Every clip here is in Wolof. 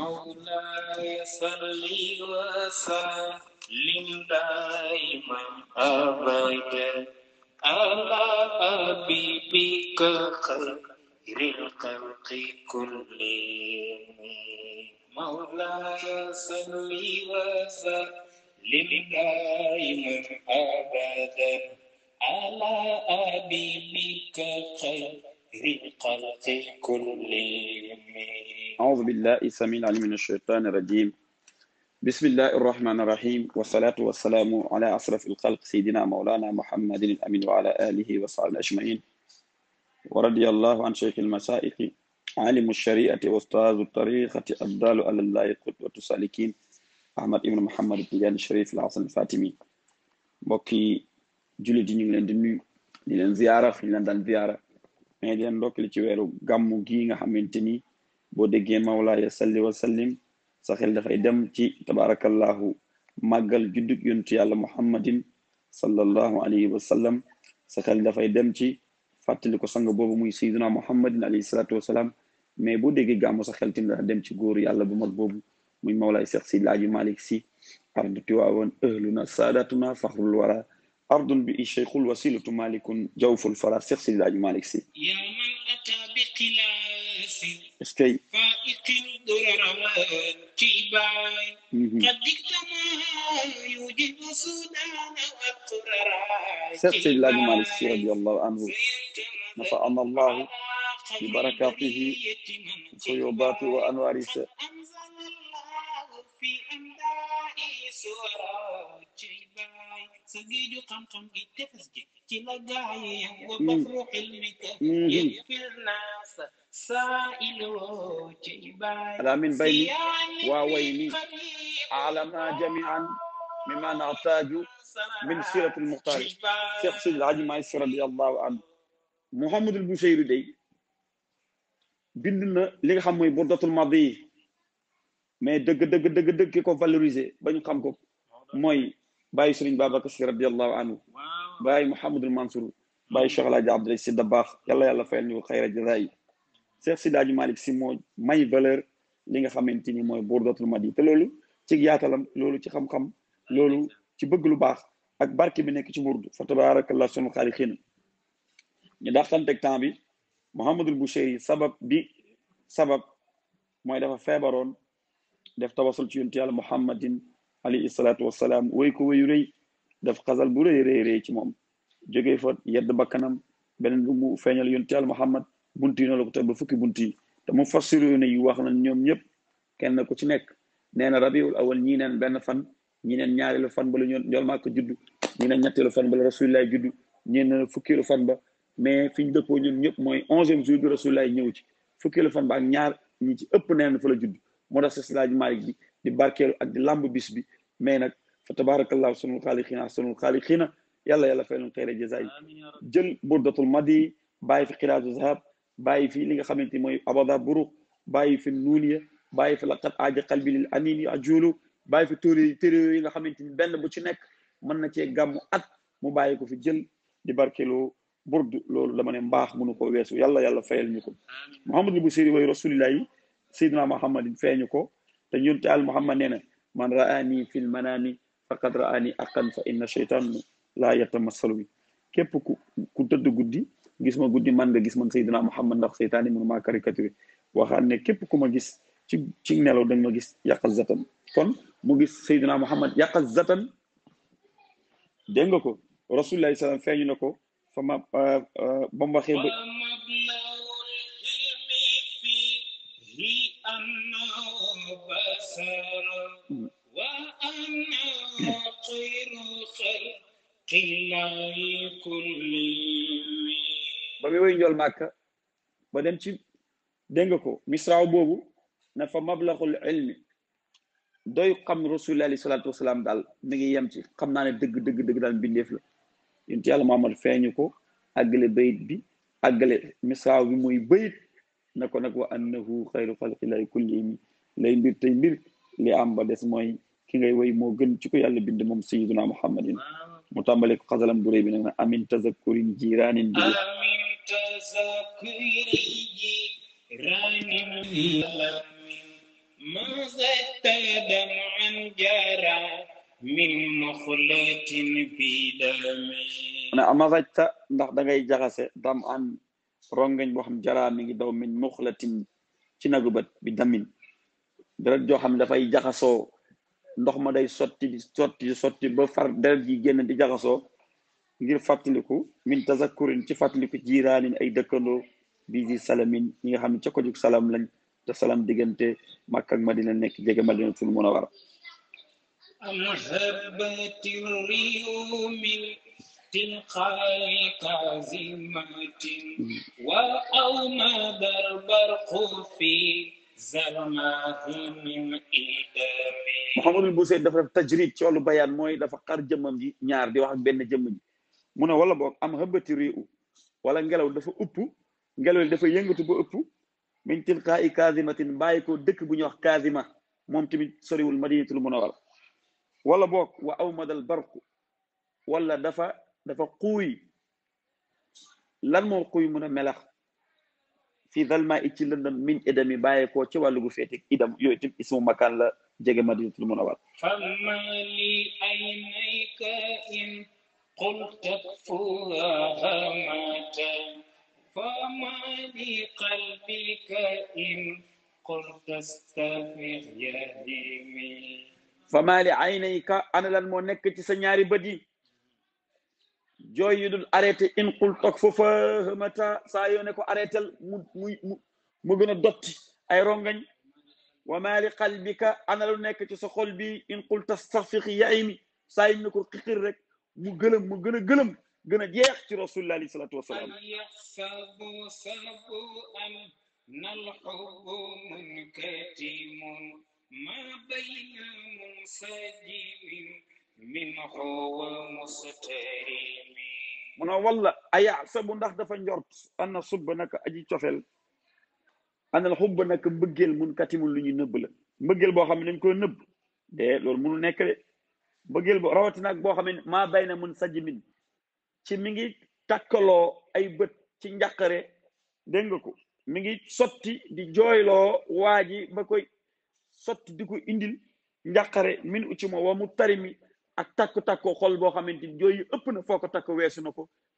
مولاي صلي وسلم دائما أبدا على حبيبك خير الخلق كلهم مولاي صلي وسلم دائما أبدا على حبيبك خير الخلق كلهم أعوذ بالله السميع العليم من الشيطان الرجيم بسم الله الرحمن الرحيم والصلاة والسلام على أشرف الخلق سيدنا مولانا محمد الأمين وعلى آله وصحبه أجمعين ورضي الله عن شيخ المسائك عالم الشريعة وأستاذ الطريقة أبدال على الله قدوة السالكين أحمد ابن محمد التجاني الشريف العاصم الفاتمي بكي jullit yi ñu ngi leen di nuyu di leen ziyaara fi ñu leen daan ziyaara mais di leen ndokkali boo déggee mawlaaya salli wa sallim sa xel dafay dem ci tabarakallahu màggal juddug yontu yàlla muhammadin sallallahu alayhi wa sallam sa xel dafay dem ci fàttali ko sang boobu muy sayyiduna muhammadin alayhi salatu wasalaam mais boo déggee gàmmu sa xel tim dana dem ci góor yàlla bu mag boobu muy mawlaay seex si laaji malik si ardu tiwaawoon ahluna saadatuna faxrul wara ardun bi sheikhul wasilatu malikun jawful fara seex si laaji malik si est-ce que certes El Hadj Malick Sy radiyallahu anhu nafa'ana Allahu bi barakatihi suyubaati wa anwaari سقيجو قمقم قد تفزجي كي لقاعي وبفروح المتفجي في الناس على من بيني وويني أعلمنا جميعا مما نحتاج من سيرة المختار شيخ سيد الحاج مايسر رضي الله عنه محمد البوشيري دي بيننا لي خا موي بوردات الماضي مي دغ دغ دغ دغ كيكو فالوريزي باني خام كو موي bàyyi sëriñ Babacar si radiallahu anhu bàyyi Mouhamadul Mansour bàyyi Cheikh El Hadj Abdoulaye si Dabaax yàlla yàlla fayal ñu xayra jazaay Cheikh Sidaaju Malick si moo may valeur li nga xamante ni mooy Burdatul Madi te loolu ci yaatalam loolu ci xam-xam loolu ci bëgg lu baax ak barke bi nekk ci burdu fa tabaarakallah sunu xaalixiin ñu daxtanteeg temps bi Mouhamadul Boucheyri sabab bi sabab mooy dafa feebaroon def tawasul ci yonent yàlla Muhammadin alayhi salaatu wasalaam woy ko woyu rëy daf xasal bu rëy rëy rëy ci moom jógee fa yedd bakkanam beneen bu mu feeñal yonte al muhammad bunt yi noonu la ko teg ba fukki bunt yi te mu fassiru ne yu wax nañ ñoom ñëpp kenn ku ci nekk nee na rabiul awal ñii neen benn fan ñii neen ñaareelu fan ba la ñoon njool maako juddu ñii neen ñetteelu fan ba la rasulillahi juddu ñii neen fukkeelu fan ba mais fi ñu dëppoo ñun ñëpp mooy onzième jour bi rasulillahi ñëw ci fukkeelu fan ba ak ñaar ñi ci ëpp neen fa la juddu moo tax seslaaji maalik bi di barkelu ak di lamb bis bi mais nak fa tabarakallahu sunu khaliqina sunu khaliqina yàlla yàlla fay leen xeere jaza burdatul madi bàyyi fi xiraatu zahab bàyyi fi li nga xamante moy abada buru bàyyi fi nuuniya bàyyi fi laqad aja qalbi lil anini ajulu bàyyi fi tori tere yi nga xamante ben bu ci nek man na ci gamu at mu bàyyi ko fi jeul di barkelu burdu lolou dama ne mbaax mënu ko wessu yàlla yàlla fayal ñuko muhammad ibn sirri séri way sayyidina muhammadin feeñu ko te yonent al Muhammad nee na man raani fil manaami faqad raani aqan fa inna sheytaan laa yatamassalu bi képp ku ku tëdd guddi gis ma guddi man nga gis man Seydina Muhammad ndax seytaan yi mënu maa caricature waxaan ne képp ku ma gis ci ci nelaw da nga ma gis yàqal zatan kon mu gis Seydina Muhammad yàqal zatan dégg nga ko rasulillahi salaam feeñu na ko fa ma ba mu waxee ba وأنا خير خلق الله كلهم ba muy woy njool màkka ba dem ci dégg nga ko misraaw boobu na fa mablaxul ilmi doy xam rasulillah alayhi salaatu wasalaam daal mi ngi yem ci xam naa ne dëgg dëgg dëgg daal mbindeef la yonent yàlla Muhammad feeñu ko àggale bayit bi àggale misraaw bi muy bayit na ko nag wa annahu xayru xalqillahi kullihim lay mbir tey mbir li am ba des mooy ki ngay way moo gën ci ko yàlla bind muhammadin mu tàmbale ko xasalam bu bi na amin tazakurin jiranin bi amin tazakurin jiranin ما زتدم dam'an جرى min مخلة في دمي na amazajta ndax da ngay jaxase dam an rongañ boo xam jaraa mi ngi daw min muxlatin ci gubat bidamin. bi damin deret joo xam ne dafay jaxasoo ndox ma day sotti di sotti di ba far deret ji génn di jaxasoo ngir fàttaliku min tazakkurin ci fàttaliku jiiraanin ay dëkkandoo bii salamin ñi nga xam ne ca ko jug salam lañ te salam diggante Makka ak Madina nekk jege Madinatul Munawwara wa كازمة وأومد البرق في Mouhamadul Bousseyd dafa def tajrid ci wàllu bayaan mooy dafa xar jëmmam ji ñaar di wax ak benn jëmm ji mu ne wala boog am xëbbati réew wala ngelaw dafa upp ngelaw li dafa yëngatu ba ka min tilqaa'i kaasimatin bàyyi ko dëkk bu ñuy wax kaasima moom tamit soriwul madinatul munawwara wala boog wa awmadal barku wala dafa dafa xuuy lan moo xuuy mun a melax fii dalma it ci lëndëm min idami bàyyi koo ci wàllu gu féete idam yooyu tim ismu makaan la jege madinatul munawar fama li aynayka in qulta fuha mata fama li qalbika in qulta stafir yadimi fama li aynayka ana lan moo nekk ci sa ñaari bët yi joy yi dul arrêté in qul toog foofa xamata saa yoo ne ko arrêtal mu mu mu gëna dotti ay rongañ wa ma li qalbika ana lu nekk ci sa xol bi in qul tastaxfiqi yaimi saa yi ne ko xiqir rek mu gëlëm mu gëna gëlëm gëna jeex ci rasulullah alayhi wasallam ما بين منسجم من هو مستريم mu ne wala aya sabu ndax dafa njort ana subba naka aji cofel anal xubba naka mbëggeel mun katimul lu ñuy nëbb la mbëggeel boo xam ne dañ koy nëbb de loolu munu nekk de mbëggeel bo rawatina ak boo xam ne maa bay na mun sajimin ci mi ngi takkaloo ay bët ci njàqare dégg nga ko mi ngi sotti di jooyloo waa ji ba koy sotti di ko indil njàqare min u ci wa mu tarimi ak takk takk xol boo xamante ni yooyu ëpp na foo ko takk weesu na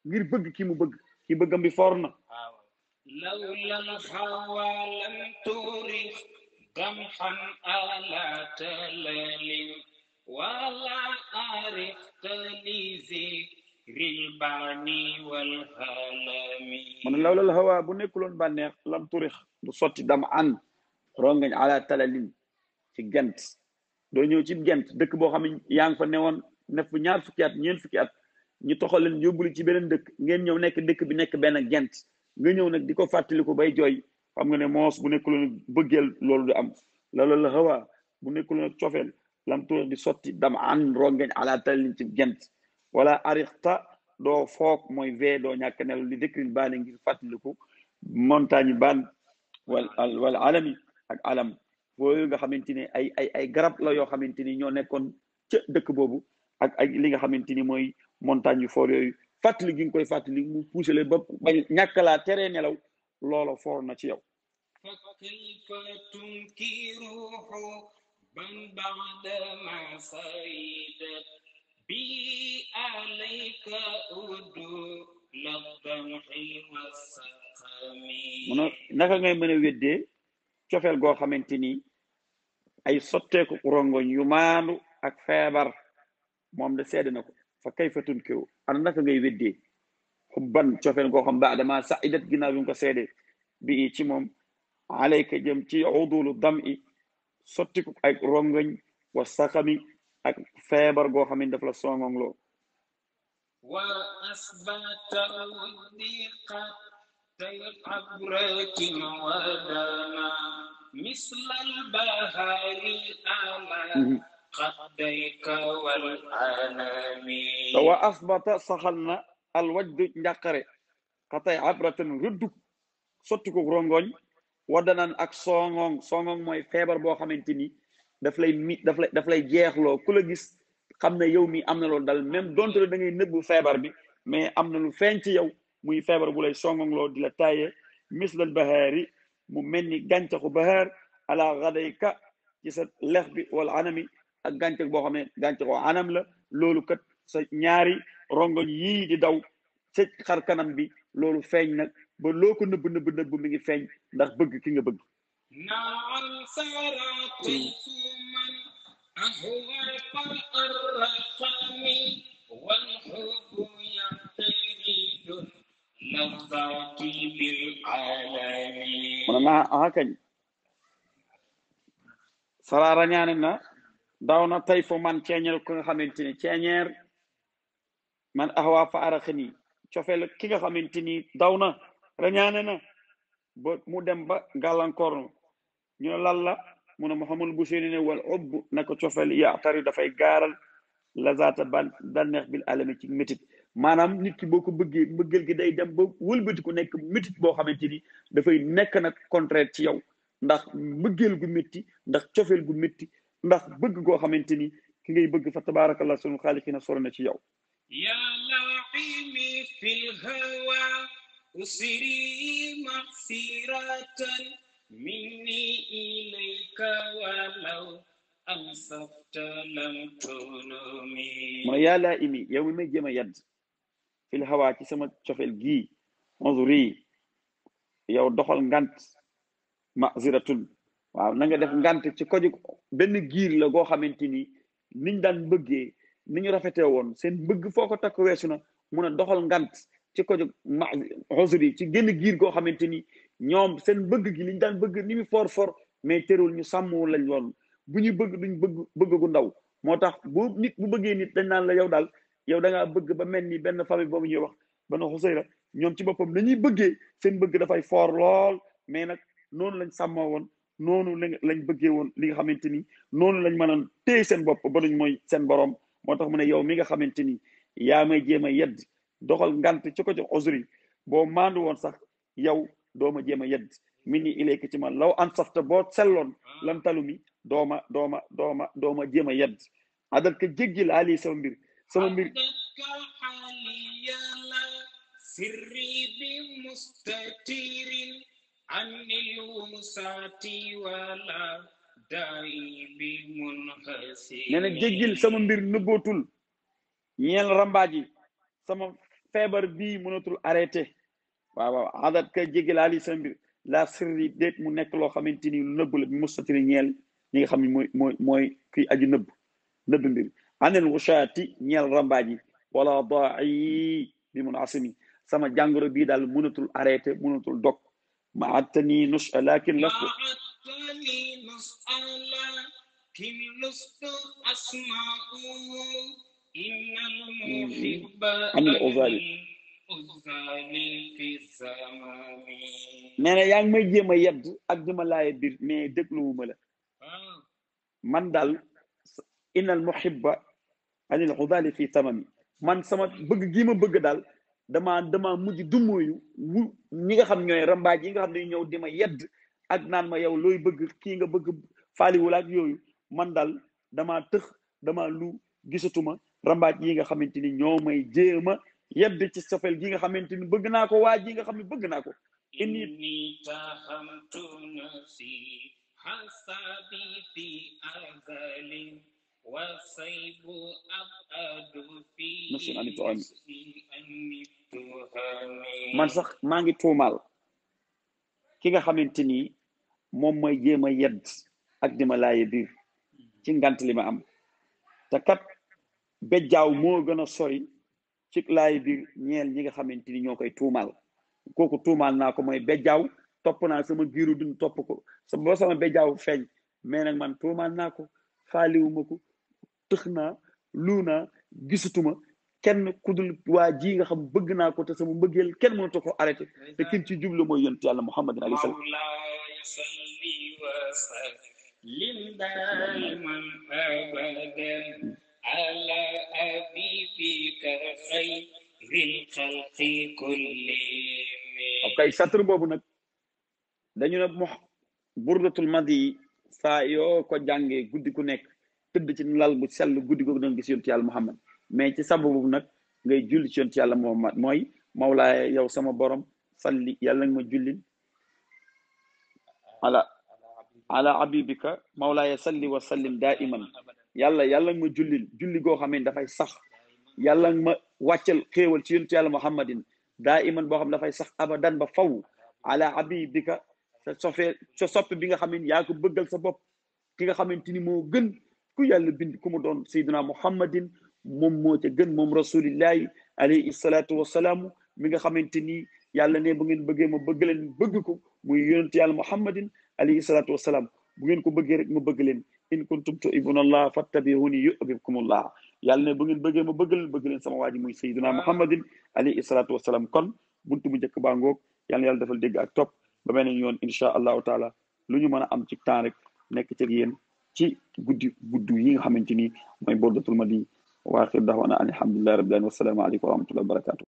ngir bëgg ki mu bëgg ki bëggam bi for na man law la hawa bu nekkuloon lam turix du soti dam an rongañ ala talalin ci gent doo ñëw ci gent dëkk boo xam ne yaa ngi fa newoon ne fu ñaar fukki at ñeent fukki at ñu toxal leen yóbbuli ci beneen dëkk ngeen ñëw nekk dëkk bi nekk benn gent nga ñëw nag di ko fàttaliku bay jooy xam nga ne moos bu nekkuloon bëggeel loolu du am loolu la xawaa bu nekkuloon cofeel lam tuur di sotti dam an rongeñ ala talin ci gent wala arixta doo foog mooy vee doo ñàkk nelu li dëkkrin baane ngir fàttaliku montagne baan wal wal alami ak alam yooyu nga xamante ni ay ay ay garab la yoo xamante ni ñoo nekkoon ca dëkk boobu ak ak li nga xamante ni mooy montagne yu fort yooyu fàttali gi koy fàttali mu poussé la ba ba ñàkk laa teree nelaw loolo foor na ci yow mu ne naka ngay mën cofeel goo xamante ni ay sotteeku rongoñ yu maandu ak feebar moom de seede na ko fa kayfa tunkiru ana naka ngay weddee xubban cofeel goo xam ba dama sa idat ginnaaw bi mu ko seede bi ci moom alayka jëm ci udulu dam i sottiku ak rongoñ wa saxami ak feebar goo xam ne daf la songoŋ loo wa asbata العبرة مودنا مثل البهار على خديك والأنام وأثبت صخلنا الوجد نقري قطع عبرة sotti ko rongoñ wadanan ak songong songong moy febar bo xamanteni daf lay daf lay daf lay jeexlo ku gis xamne yow mi amna lol dal même donte da ngay neub febar bi mais amna lu feñ ci yow muy feebar bu lay loolu di la taaye mislal bahaari mu mel ni gàncaxu bahaar ala gadayka ci sa lex bi wala anami ak gàncax boo xam ne gàncaxu anam la loolu kat sa ñaari rongoñ yii di daw sa xar kanam bi loolu feeñ nag ba loo ko nëbb nëbb nëbb mi ngi feeñ ndax bëgg ki nga bëgg mu ne na aha kañ sarara na daw na tay fo man ceeñeer ko nga xamante ni man axawaa fa araxini cofeel ki nga xamante ni daw na rañaane na ba mu dem ba gàllankoor ñu ne lan la mu ne Muhammad Busiri ne wal ubb na ko cofeel ya tari dafay gaaral lazaata ban danneex bil alami ci métit maanaam nit ki boo ko bëggee bëggal gi day dem wëlbati ku nekk métit boo xamante ni dafay nekk nag contraire ci yow ndax bëggeel gu métti ndax cofeel gu métti ndax bëgg goo xamante ni ki ngay bëgg fa tabaarakallah sunu a soro na ci yow ya laimi fi lhawa usri masiratan minni ilayka walaw ansafta lam tunumi ma yaa laa imi yow mi may jéem yadd fil xawaa ci sama cofeel gii unzuri yow doxal ngant maziratun waaw na nga def ngant ci koju benn giir la goo xamante ni niñ daan bëggee ni ñu rafetee woon seen bëgg foo ko takk weesu na mun a doxal ngant ci koju ma unzuri ci benn giir goo xamante ni ñoom seen bëgg gi liñ daan bëgg ni mu for for mais terul ñu sàmmwul lañ woon bu ñu bëgg duñ bëgg bëgg gu ndaw moo tax bu nit bëggee nit dañ naan la yow daal yow da bëgg ba mel ni benn famille boobu ñuy wax banu xusayra ñoom ci boppam ñuy bëgge seen bëgg dafay foor lool mais nag noonu lañ sàmmoo woon noonu lañ lañ bëggee woon li nga xamante ni noonu lañ mën a téye seen bopp ba duñ mooy seen borom moo tax mu a yow mi nga xamante ni yaa may jéem a yedd doxal ngant ci ko ci boo maandu woon sax yow dooma jéem a yedd mi ni ilayka ci man law an safta boo selloon lan talu mi dooma dooma dooma dooma jéem a yedd adal ka jéggi laalii sama mbir sama mbir sirri bi sama mbir nëbbootul ñeel rambaaj sama feebar bii mënatul arrêté waaw waaw adat ka jéggilaali sama mbir la sirri déet mu nekk loo xamante ni lu nëbb la bi mustatiri ñeel ñi nga xam ne mooy mooy mooy aji nëbb nëbb mbir عن الوشاة نيال رمباجي ولا ضاعي بمنعصمي سما جانغرو بيد المنطل أريت منطل دوك ما عدتني نص لكن لفظ ما عدتني نص لكن لفظ أسماء إن المحب أن الأذالي نانا يانغ ما جيما يد أكدما لا يدير مي دكلو مالا آه. من دال إن المحب anil hubali fi tamami man sama bëgg gi ma bëgg dal dama dama mujj du mu ñi nga xam ñoy ramba yi nga xam ne ñew di ma yedd ak naan ma yow loy bëgg ki nga bëgg faaliwul ak yoyu man dal dama tëx dama lu gisatuma ramba yi nga xamanteni ni ñoo may jema yedd ci sofel gi nga xamanteni ni bëgg naa ko waa nga xam ne bëgg naa ko inni taxamtu nafsi hasabi fi azalin nafsun anit tuami man sax maa ngi tuumaal ki nga xamante ni moom mooy jéem a yedd ak di ma biir ci ngant li ma am te kat bejjaaw moo gën a sori ci laaye biir ñeel ñi nga xamante ni ñoo koy tuumaal kooku tuumaal naa ko mooy bejjaaw topp naa sama giiru dund topp ko ba sama bejjaaw feeñ mais man tuumaal naa ko faaliwuma ko tëx Luna Gisutuma kenn kudul waa nga xam bëgg naa ko te sama mbëggeel kenn mënu ko arrêté te ci jublu mooy yàlla muhammad alayhi salaam لم دائما أبدا على أبيبك خير الخلق كلهم أوكي ساتر Sayo نك dañu burdatul madi tëdd ci lal bu sell guddi googu doon gis yontu yàlla muhammad mais ci sababu nag ngay julli ci yontu yàlla muhammad mooy mawlaaya yow sama borom salli yàlla nga ma jullil ala ala abibika mawlaaya salli wa sallim daa iman yàlla yàlla nga ma jullil julli goo xam ne dafay sax yàlla nga ma wàccal xéewal ci yontu yàlla muhammadin daa iman boo xam dafay sax abadan ba faw ala abibika sa sofee sopp bi nga xam yaa ko bëggal sa ki nga xamante ni moo gën ku yàlla bind ku mu doon sayyidina muhammadin moom moo ca gën moom rasulillahi alayhi salaatu wasalaamu mi nga xamante ni yàlla ne bu ngeen bëggee ma bëgg leen bëgg ko muy yonent yàlla muhammadin alayhi salaatu wasalaam bu ngeen ko bëggee rek ma bëgg leen in kuntum tuhibbuuna allah fattabi'uuni yuhbibkum allah yàlla ne bu ngeen bëggee ma bëgg leen bëgg leen sama waa ji muy sayyidina muhammadin alayhi salaatu wasalaam kon buntu bu njëkk baa ngoog yàlla yàlla defal dégg ak topp ba beneen yoon incha allah taala lu ñu mën a am ci temps rek nekk ci yéen ci guddi guddi yi nga xamante ni mooy bordatul madi wa axir dahwana an alhamdulillahi rabbil alamin wassalaamu aleykum wa rahmatullahi wa barakatuh